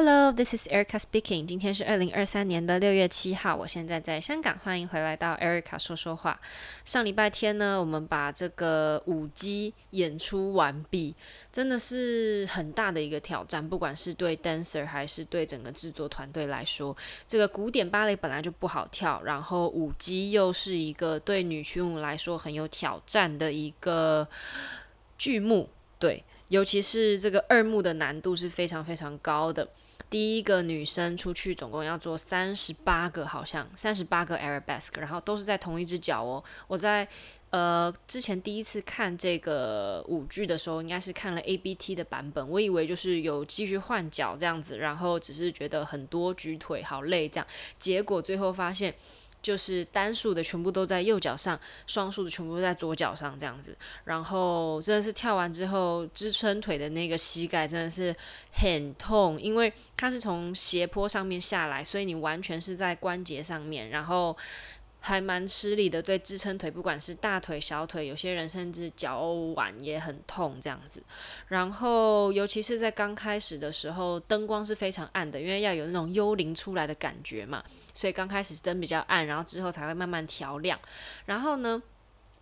Hello, this is Erica speaking. 今天是二零二三年的六月七號，我現在在香港，歡迎回來到 Erica 說說話。上禮拜天呢，我們把這個舞姬演出完畢，真的是很大的一個挑戰，不管是對 dancer 還是對整個制作團隊來說，這個古典芭蕾本來就不好跳，然後舞姬又是一個對女群舞來說很有挑戰的一個劇目，對，尤其是這個二幕的難度是非常非常高的。第一個女生出去總共要做三十八個，好像三十八個 Arabesque，然後都是在同一隻腳哦。我在呃之前第一次看這個舞劇的時候，應該是看了 ABT 的版本，我以為就是有繼續換腳這樣子，然後只是覺得很多舉腿好累這樣，結果最後發現。就是單數的全部都在右腳上，雙數的全部都在左腳上這樣子。然後真的是跳完之後，支撐腿的那個膝蓋真的是很痛，因為它是從斜坡上面下來，所以你完全是在關節上面，然後。還蠻吃力的，對支撐腿，不管是大腿、小腿，有些人甚至腳腕也很痛這樣子。然後，尤其是在剛開始的時候，燈光是非常暗的，因為要有那種幽靈出來的感覺嘛，所以剛開始燈比較暗，然後之後才會慢慢調亮。然後呢，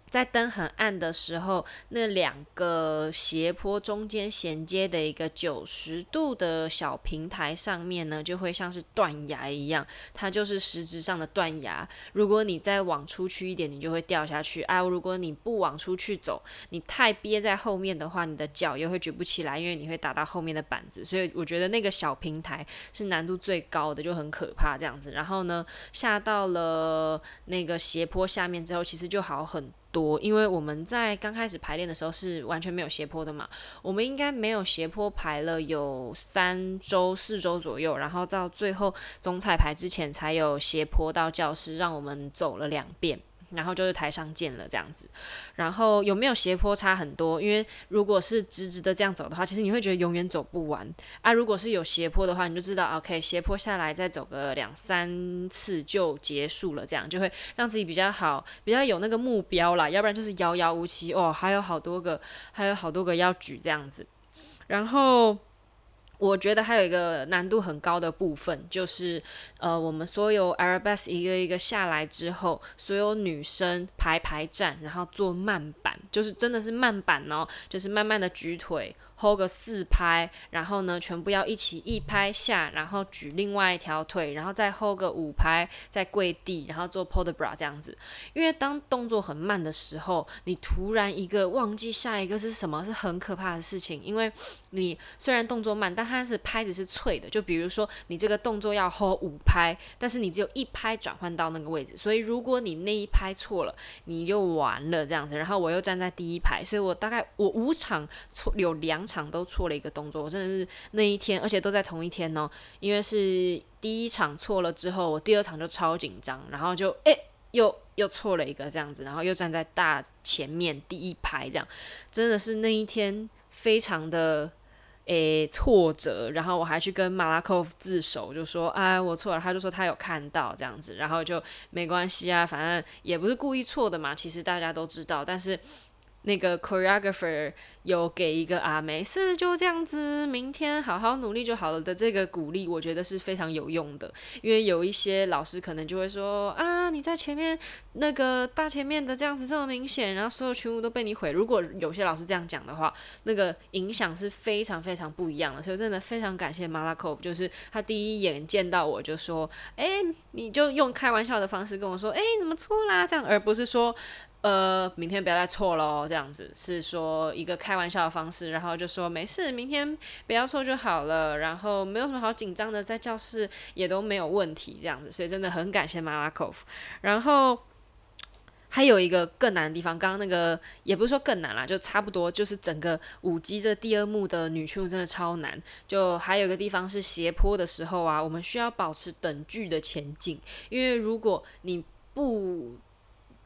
在燈很暗的時候，那兩個斜坡中間銜接的一個九十度的小平台上面呢，就會像是斷崖一樣，它就是實質上的斷崖。如果你再往出去一點，你就會掉下去，哎。如果你不往出去走，你太憋在後面的話，你的腳又會舉不起來，因為你會打到後面的板子。所以我覺得那個小平台是難度最高的，就很可怕這樣子。然後呢，下到了那個斜坡下面之後，其實就好很多，因為我們在剛開始排練的時候是完全沒有斜坡的嘛，我們應該沒有斜坡排了有三周四周左右，然後到最後總彩排之前才有斜坡到教室，讓我們走了兩遍。然後就是台上見了這樣子，然後有沒有斜坡差很多。因為如果是直直的這樣走的話，其實你會覺得永遠走不完啊。如果是有斜坡的話，你就知道，OK，斜坡下來再走個兩三次就結束了，這樣就會讓自己比較好，比較有那個目標啦。要不然就是遙遙無期哦，還有好多個，還有好多個要舉這樣子，然後。我覺得還有一個難度很高的部分，就是呃，我們所有 arabesque 一個一個下來之後，所有女生排排站，然後做慢板，就是真的是慢板哦，就是慢慢的舉腿。Hold 個四拍，然後呢，全部要一起一拍下，然後舉另外一條腿，然後再 Hold 個五拍，再跪地，然後做 port de bras 這樣子。因為當動作很慢的時候，你突然一個忘記下一個是什麼，是很可怕的事情。因為你雖然動作慢，但它是拍子是脆的。就比如說，你這個動作要 Hold 五拍，但是你只有一拍轉換到那個位置，所以如果你那一拍錯了，你就完了這樣子。然後我又站在第一排，所以我大概我五場錯有兩。場都錯了一個動作，我真的是那一天，而且都在同一天呢、哦。因為是第一場錯了之後，我第二場就超緊張，然後就哎又又錯了一個這樣子，然後又站在大前面第一排這樣，真的是那一天非常的誒挫折。然後我還去跟馬拉科夫自首，就說啊我錯了，他就說他有看到這樣子，然後就沒關係啊，反正也不是故意錯的嘛。其實大家都知道，但是。那個 choreographer 有給一個啊，沒事，就這樣子，明天好好努力就好了的這個鼓勵，我覺得是非常有用的。因為有一些老師可能就會說啊，你在前面那個大前面的這樣子這麼明顯，然後所有群舞都被你毀。如果有些老師這樣講的話，那個影響是非常非常不一樣的。所以真的非常感謝 Malakov，就是他第一眼見到我就說，哎、欸，你就用開玩笑的方式跟我說，哎、欸，怎麼錯啦？這樣，而不是說。呃，明天不要再錯了。這樣子是說一個開玩笑的方式，然後就說沒事，明天不要錯就好了，然後沒有什麼好緊張的，在教室也都沒有問題，這樣子，所以真的很感謝馬拉科夫。然後還有一個更難的地方，剛剛那個也不是說更難啦，就差不多，就是整個舞姬這第二幕的女群舞真的超難，就還有一個地方是斜坡的時候啊，我們需要保持等距的前進，因為如果你不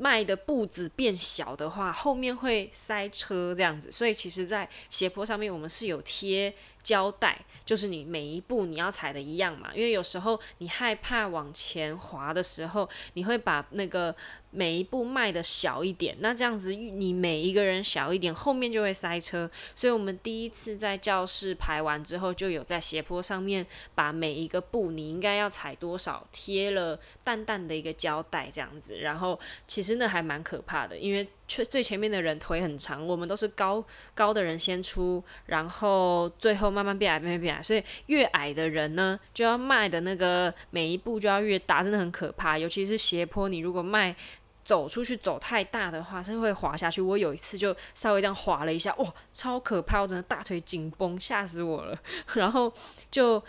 邁的步子變小的話，後面會塞車這樣子，所以其實，在斜坡上面我們是有貼。膠帶就是你每一步你要踩的一樣嘛，因為有時候你害怕往前滑的時候，你會把那個每一步邁的小一點，那這樣子你每一個人小一點，後面就會塞車。所以我們第一次在教室排完之後，就有在斜坡上面把每一個步你應該要踩多少貼了淡淡的一個膠帶，這樣子，然後其實那還蠻可怕的，因為。卻最前面的人腿很長，我們都是高高的人先出，然後最後慢慢變矮，慢慢變矮。所以越矮的人呢，就要邁的那個每一步就要越大，真的很可怕。尤其是斜坡，你如果邁走出去走太大的話，是會滑下去。我有一次就稍微這樣滑了一下，哇、哦，超可怕！我真的大腿緊繃，嚇死我了。然後就。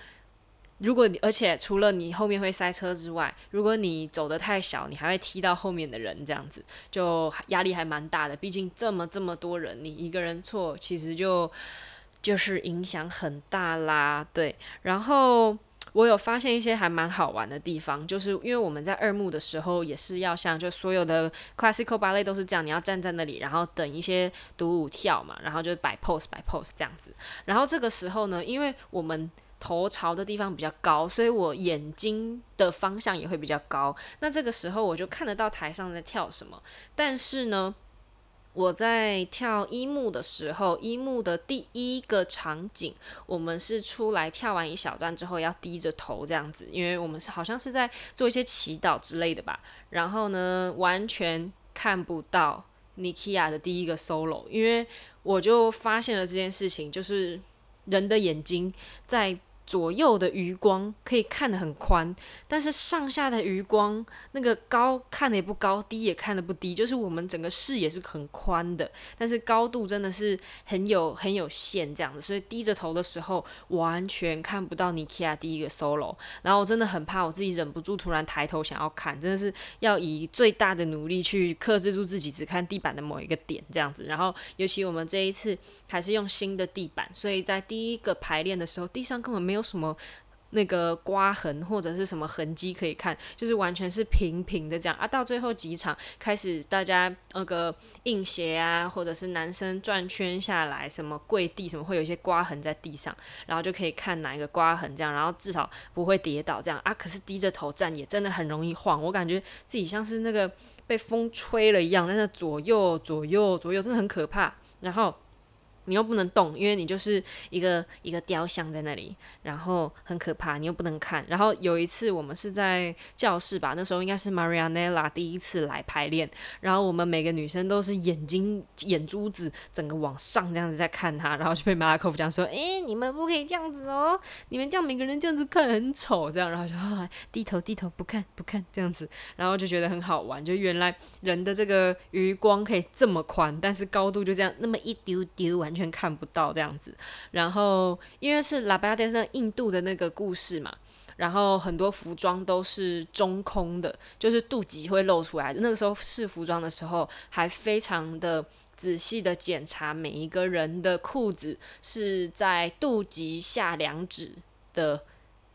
如果你，而且除了你後面會塞車之外，如果你走得太小，你還會踢到後面的人，這樣子就壓力還蠻大的。畢竟這麼這麼多人，你一個人錯，其實就就是影響很大啦。對，然後我有發現一些還蠻好玩的地方，就是因為我們在二幕的時候也是要像就所有的 classical ballet 都是這樣，你要站在那裡，然後等一些獨舞跳嘛，然後就擺 pose 擺 pose 這樣子。然後這個時候呢，因為我們頭朝的地方比較高，所以我眼睛的方向也會比較高。那這個時候我就看得到台上在跳什麼。但是呢，我在跳一幕的時候，一幕的第一個場景，我們是出來跳完一小段之後要低着頭這樣子，因為我們是好像是在做一些祈禱之類的吧。然後呢，完全看不到 Nikia 的第一個 solo，因為我就發現了這件事情，就是人的眼睛在。左右的餘光可以看得很寬，但是上下的餘光，那個高看得也不高，低也看得不低，就是我們整個視野是很寬的，但是高度真的是很有很有限這樣子。所以低着頭的時候完全看不到尼基亞第一個 solo。然後我真的很怕我自己忍不住突然抬頭想要看，真的是要以最大的努力去克制住自己，只看地板的某一個點這樣子。然後尤其我們這一次還是用新的地板，所以在第一個排練的時候，地上根本沒有。沒有什麼那個刮痕，或者是什麼痕跡可以看，就是完全是平平的這樣啊。到最後幾場開始，大家那個硬鞋啊，或者是男生轉圈下來，什麼跪地什麼，會有一些刮痕在地上，然後就可以看哪一個刮痕這樣，然後至少不會跌倒這樣啊。可是低着頭站也真的很容易晃，我感覺自己像是那個被風吹了一樣，在那左右左右左右，真的很可怕。然後。你又不能動，因為你就是一個一個雕像在那裡，然後很可怕。你又不能看。然後有一次我們是在教室吧，那時候應該是 Marianela 第一次來排練，然後我們每個女生都是眼睛眼珠子整個往上這樣子在看她，然後就被馬拉科夫講說：“哎、欸，你們不可以這樣子哦、喔，你們這樣每個人這樣子看很醜。”這樣，然後就低頭低頭不看不看這樣子，然後就覺得很好玩，就原來人的這個餘光可以這麼寬，但是高度就這樣那麼一丟丟完。完全看不到這樣子，然後因為是 La Bayadère 是印度的那個故事嘛，然後很多服裝都是中空的，就是肚臍會露出來。那個時候試服裝的時候，還非常的仔細的檢查每一個人的褲子是在肚臍下兩指的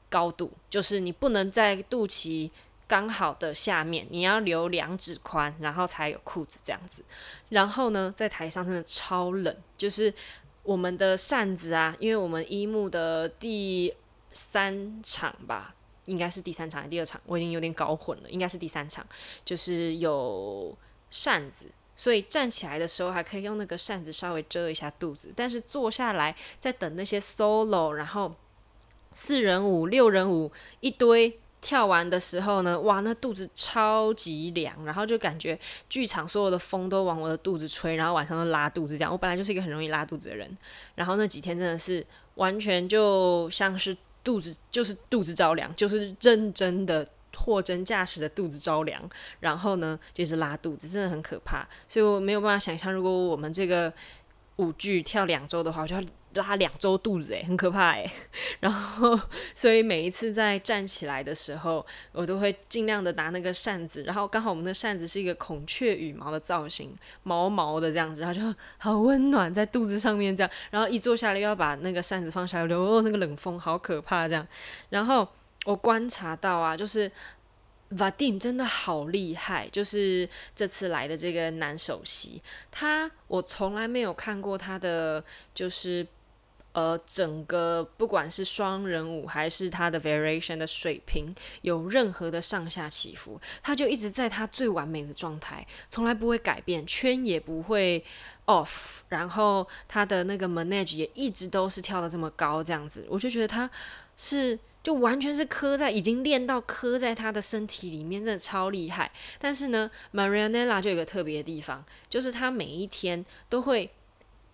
高度，就是你不能在肚臍。剛好的下面你要留兩指寬，然後才有褲子這樣子。然後呢，在台上真的超冷，就是我們的扇子啊，因為我們一幕的第三場吧，應該是第三場還是第二場，我已經有點搞混了，應該是第三場，就是有扇子，所以站起來的時候還可以用那個扇子稍微遮一下肚子，但是坐下來在等那些 solo，然後四人舞、六人舞一堆。跳完的時候呢，哇，那肚子超級涼，然後就感覺劇場所有的風都往我的肚子吹，然後晚上都拉肚子。這樣，我本來就是一個很容易拉肚子的人，然後那幾天真的是完全就像是肚子就是肚子着涼，就是真真的貨真價實的肚子着涼，然後呢就是拉肚子，真的很可怕。所以我沒有辦法想象，如果我們這個舞劇跳兩周的話，我就要。拉兩週肚子誒，很可怕誒。 然後，所以每一次在站起來的時候，我都會盡量的拿那個扇子。然後剛好我們的扇子是一個孔雀羽毛的造型，毛毛的這樣子，它就很溫暖在肚子上面這樣。然後一坐下來，又要把那個扇子放下來我就，哦，那個冷風好可怕這樣。然後我觀察到啊，就是 Vadim 真的好厲害，就是這次來的這個男首席，他我從來沒有看過他的就是。呃，整個不管是雙人舞還是他的 variation 的水平，有任何的上下起伏，他就一直在他最完美的狀態，從來不會改變，圈也不會 off，然後他的那個 manage 也一直都是跳的這麼高，這樣子，我就覺得他是就完全是刻在已經練到刻在他的身體裡面，真的超厲害。但是呢，Marianela 就有一個特別的地方，就是他每一天都會。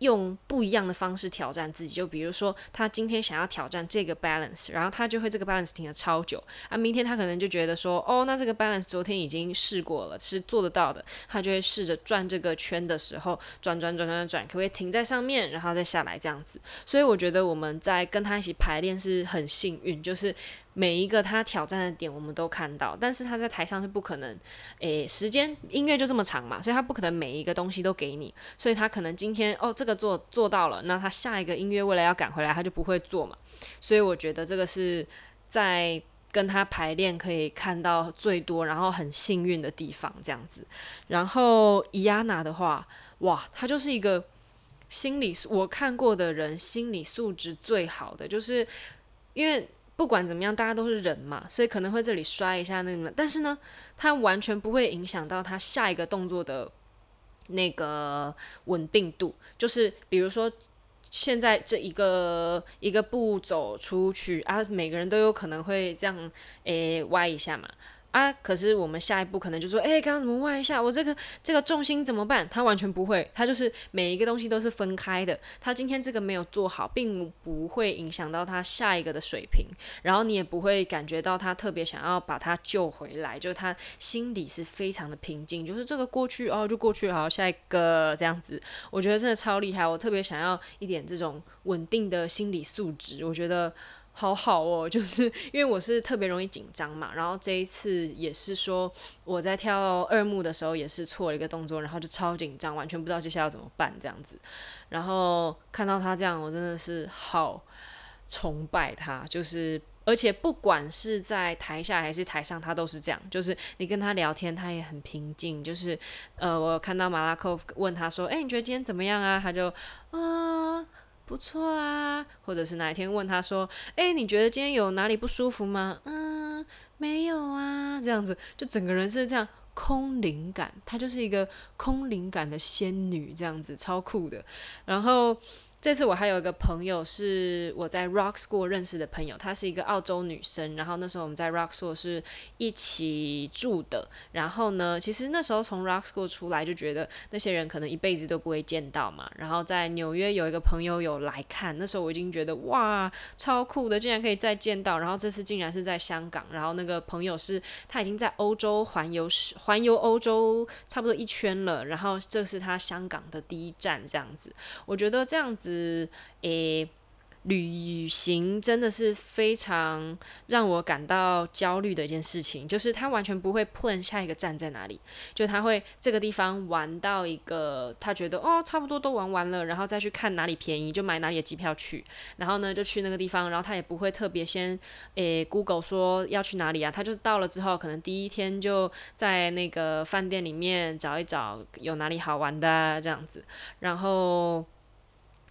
用不一樣的方式挑戰自己，就比如說他今天想要挑戰這個 balance，然後他就會這個 balance 停了超久。啊，明天他可能就覺得說，哦，那這個 balance 昨天已經試過了，是做得到的，他就會試着轉這個圈的時候，轉轉轉轉轉，可不可以停在上面，然後再下來這樣子。所以我覺得我們在跟他一起排練是很幸運，就是。每一個他挑戰的點，我們都看到，但是他在台上是不可能，誒，時間音樂就這麼長嘛，所以他不可能每一個東西都給你，所以他可能今天哦這個做做到了，那他下一個音樂為了要趕回來，他就不會做嘛，所以我覺得這個是在跟他排練可以看到最多，然後很幸運的地方這樣子。然後伊亞娜的話，哇，她就是一個心理我看過的人心理素質最好的，就是因為。不管怎麼樣，大家都是人嘛，所以可能會這裡摔一下那個，但是呢，它完全不會影響到他下一個動作的那個穩定度。就是比如說，現在這一個一個步走出去啊，每個人都有可能會這樣誒、欸、歪一下嘛。啊！可是我們下一步可能就說，哎、欸，剛剛怎麼歪一下？我這個這個重心怎麼辦？他完全不會，他就是每一個東西都是分開的。他今天這個沒有做好，並不會影響到他下一個的水平。然後你也不會感覺到他特別想要把他救回來，就是他心裡是非常的平靜，就是這個過去哦，就過去好，下一個這樣子。我覺得真的超厲害，我特別想要一點這種穩定的心理素質。我覺得。好好哦，就是因為我是特別容易緊張嘛，然後這一次也是說我在跳二幕的時候也是錯了一個動作，然後就超緊張，完全不知道接下來要怎麼辦這樣子。然後看到他這樣，我真的是好崇拜他，就是而且不管是在台下還是台上，他都是這樣，就是你跟他聊天，他也很平靜。就是呃，我有看到馬拉克問他說：“哎、欸，你覺得今天怎麼樣啊？”他就啊。呃不錯啊，或者是哪一天問他說：“欸，你覺得今天有哪裡不舒服嗎？”嗯，沒有啊，這樣子，就整個人是這樣空靈感，她就是一個空靈感的仙女，這樣子超酷的，然後。這次我還有一個朋友是我在 Rock School 認識的朋友，她是一個澳洲女生。然後那時候我們在 Rock School 是一起住的。然後呢，其實那時候從 Rock School 出來就覺得那些人可能一輩子都不會見到嘛。然後在紐約有一個朋友有來看，那時候我已經覺得哇，超酷的，竟然可以再見到。然後這次竟然是在香港。然後那個朋友是她已經在歐洲環遊，環遊歐洲差不多一圈了。然後這是她香港的第一站，這樣子。我覺得這樣子。是誒，旅行真的是非常讓我感到焦慮的一件事情，就是他完全不會 plan 下一個站在哪裡，就他會這個地方玩到一個他覺得哦差不多都玩完了，然後再去看哪裡便宜就買哪裡的機票去，然後呢就去那個地方，然後他也不會特別先誒 Google 說要去哪裡啊，他就到了之後，可能第一天就在那個飯店裡面找一找有哪裡好玩的、啊、這樣子，然後。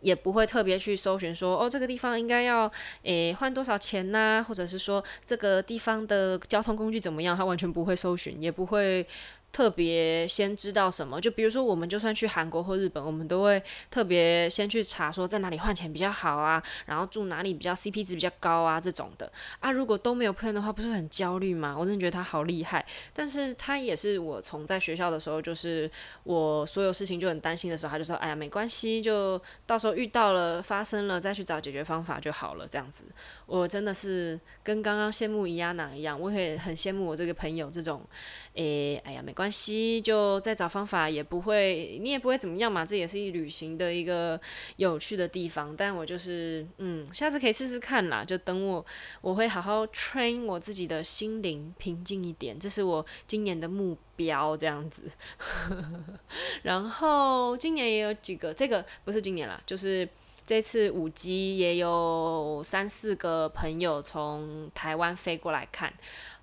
也不會特別去搜尋說，哦，這個地方應該要誒換多少錢吶，或者是說這個地方的交通工具怎麼樣？他完全不會搜尋，也不會。特別先知道什麼，就比如說我們就算去韓國或日本，我們都會特別先去查說，在哪裡換錢比較好啊，然後住哪裡比較 CP 值，比較高啊，這種的啊。如果都沒有 plan 的話，不是很焦慮嗎？我真的覺得他好厲害，但是他也是我從在學校的時候，就是我所有事情就很擔心的時候，他就說，哎呀沒關係，就到時候遇到了發生了再去找解決方法就好了，這樣子。我真的是跟剛剛羨慕 Yana 一樣，我也很羨慕我這個朋友這種，誒、欸，哎呀沒關。關係就再找方法也不會，你也不會怎麼樣嘛。這也是一旅行的一個有趣的地方。但我就是，嗯，下次可以試試看啦。就等我，我會好好 train 我自己的心靈，平靜一點。這是我今年的目標，這樣子。 然後今年也有幾個，這個不是今年啦，就是這次五 G 也有三四個朋友從台灣飛過來看，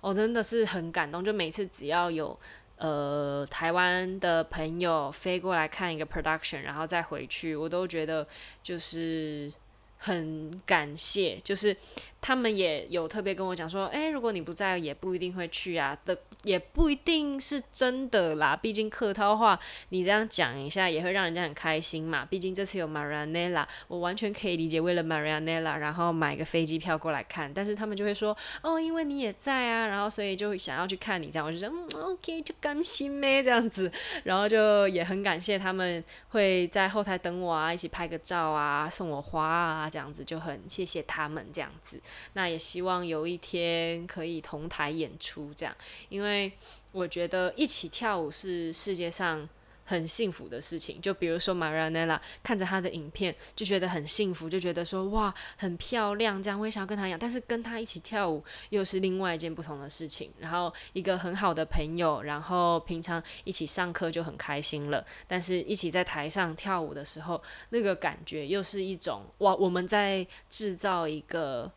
我、哦、真的是很感動。就每次只要有。呃，台灣的朋友飛過來看一個 production，然後再回去，我都覺得就是很感謝，就是他們也有特別跟我講說，哎，如果你不在，也不一定會去啊也不一定是真的啦，畢竟客套話，你這樣講一下也會讓人家很開心嘛。畢竟這次有 Marianela，我完全可以理解，為了 Marianela，然後買個飛機票過來看。但是他們就會說，哦，因為你也在啊，然後所以就想要去看你這樣，我就說，嗯，OK，就甘心咩這樣子。然後就也很感謝他們會在後台等我啊，一起拍個照啊，送我花啊，這樣子就很謝謝他們這樣子。那也希望有一天可以同台演出這樣，因為。因為我覺得一起跳舞是世界上很幸福的事情。就比如說 Marianela，看着她的影片就覺得很幸福，就覺得說哇，很漂亮，這樣我也想要跟她一樣。但是跟她一起跳舞又是另外一件不同的事情。然後一個很好的朋友，然後平常一起上課就很開心了。但是一起在台上跳舞的時候，那個感覺又是一種哇，我們在制造一個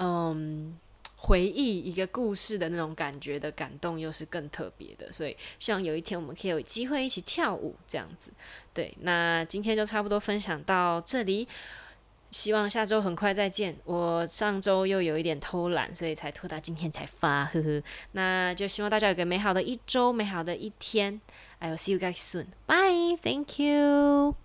嗯，回憶一個故事的那種感覺的感動，又是更特別的。所以，希望有一天我們可以有機會一起跳舞，這樣子。對，那今天就差不多分享到這裡。希望下周很快再見。我上周又有一點偷懶，所以才拖到今天才發，呵呵。那就希望大家有個美好的一周，美好的一天。I'll see you guys soon. Bye. Thank you.